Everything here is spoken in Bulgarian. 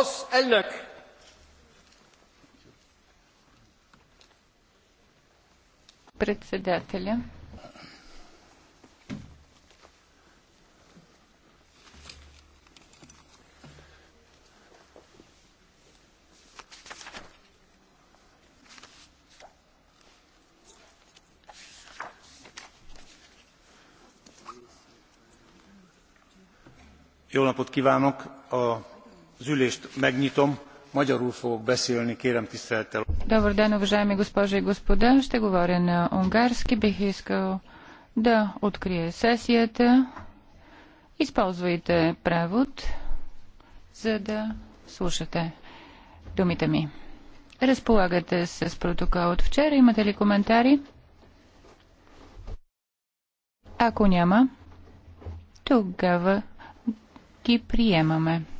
Az elnök! Председателя. Jó napot kívánok! A Добър ден, уважаеми госпожи и господа. Ще говоря на унгарски. Бих искал да открия сесията. Използвайте превод, за да слушате думите ми. Разполагате с протокол от вчера. Имате ли коментари? Ако няма, тогава ги приемаме.